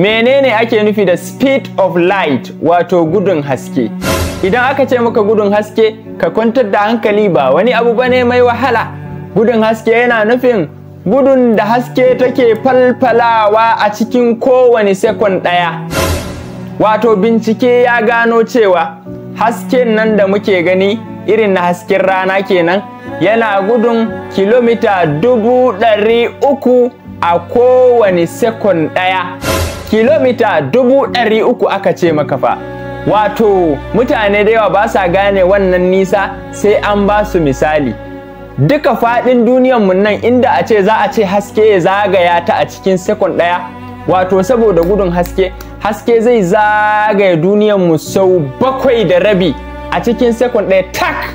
Menene ake nufi da speed of light wato gudun haske? Idan aka ce maka gudun haske, ka kwantar da hankali ba wani abu bane mai wahala. Gudun haske yana nufin gudun da haske take falfalawa a cikin kowane sekon ɗaya. Wato bincike ya gano cewa hasken nan da muke gani irin na hasken rana kenan yana gudun kilomita dubu ɗari uku a kowane sekon ɗaya. kilomita dubu ɗari uku aka ce maka fa wato mutane da yawa ba sa gane wannan nisa sai an ba su misali duka faɗin duniyanmu nan inda a ce za a ce haske ya zagaya ta a cikin sekon ɗaya wato saboda gudun haske haske zai zagaya mu sau bakwai da rabi a cikin sekon ɗaya tak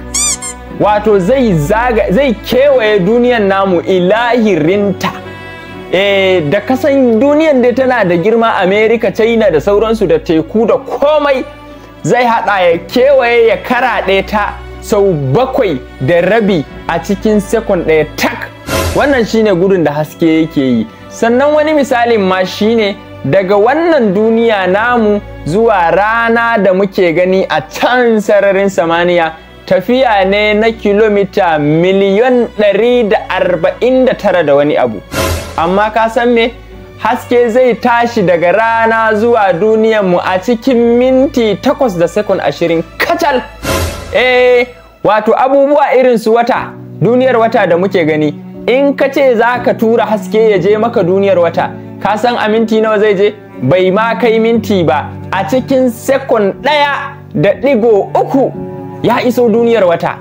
wato zai kewaye duniyan namu ilahirinta eh da kasan duniyan dai tana da girma america china da sauransu da teku da komai zai hada ya kewaye ya karaɗe ta sau bakwai da rabi a cikin sekon ɗaya tak wannan shine gudun da haske yake yi sannan wani misalin ma shine daga wannan duniya namu zuwa rana da muke gani a can sararin samaniya tafiya ne na kilomita miliyon 149 da wani abu amma ka san me haske zai tashi daga rana zuwa mu a cikin minti takwas da sekon ashirin kacal eh wato abubuwa irin su wata duniyar wata da muke gani in ka ce za ka tura haske ya je maka duniyar wata ka san a minti nawa zai je bai ma kai minti ba a cikin sekon ɗaya da ɗigo uku ya iso duniyar wata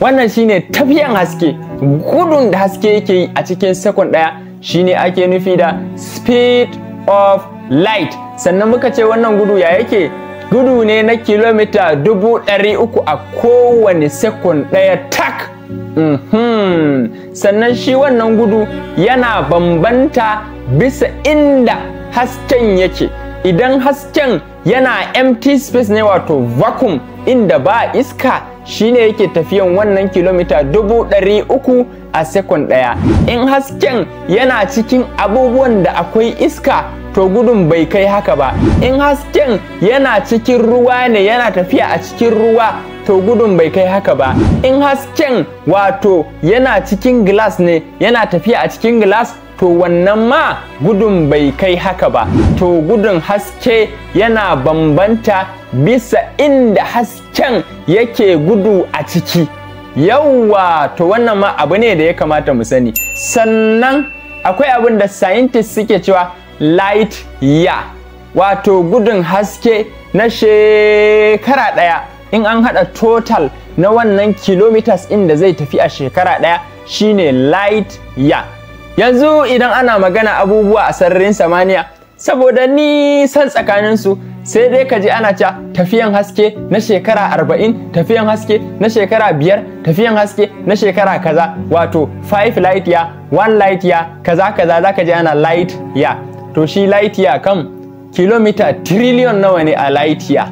wannan shine tafiyan haske gudun da haske yake yi a cikin sekon ɗaya Shin ake nufi da speed of light sannan muka ce wannan gudu ya yake gudu ne na kilomita dubu ɗari uku a kowane sekon ɗaya tak mhm. sannan shi wannan gudu yana bambanta bisa inda hasken yake idan hasken yana empty space ne wato vacuum inda ba iska shine yake tafiyan wannan kilomita dubu ɗari uku a sekon ɗaya in hasken yana cikin abubuwan da akwai iska to gudun bai kai haka ba in hasken yana cikin ruwa ne yana tafiya a cikin ruwa to gudun bai kai haka ba in hasken wato yana cikin glass ne yana tafiya a cikin glass to wannan ma gudun bai kai haka ba to gudun haske yana bambanta bisa inda hasken yake gudu a ciki yauwa to wannan ma abu ne da ya kamata mu sani sannan akwai abin da scientists suke cewa light year wato gudun haske na shekara ɗaya in an haɗa total na wannan kilometers inda zai tafi a shekara ɗaya shine light year yanzu idan ana magana abubuwa a sararin samaniya saboda nisan tsakaninsu sai dai ka ji ana cewa tafiyan haske na shekara arba'in tafiyan haske na shekara biyar tafiyan haske na shekara kaza wato five light ya one light ya kaza kaza za ka ji ana light ya to shi light ya kam kilomita trillion nawa ne a light ya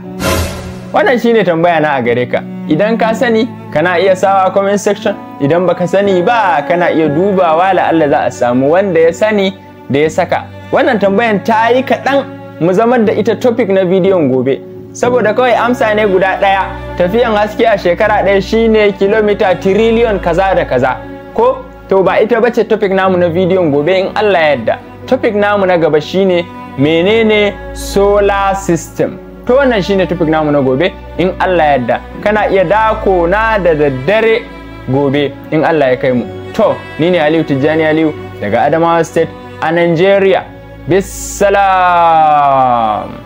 wannan shine tambaya na a gare ka idan ka sani kana iya sawa comment section idan baka sani ba kana iya dubawa la'alla za a samu wanda ya sani da ya saka wannan tambayan ta yi kaɗan mu zamar da ita topic na bidiyon gobe saboda kawai amsa ne guda ɗaya tafiyan haske a shekara ɗaya shine kilomita tiriliyon kaza da kaza ko to ba ita bace topic namu na bidiyon gobe in Allah ya yarda topic namu na gaba shine menene solar system to wannan shine topic namu na gobe in Allah yadda kana iya dako na da daddare gobe in Allah ya kai mu to ni ne Aliyu Tijjani Aliyu daga Adamawa State a Nigeria bisalam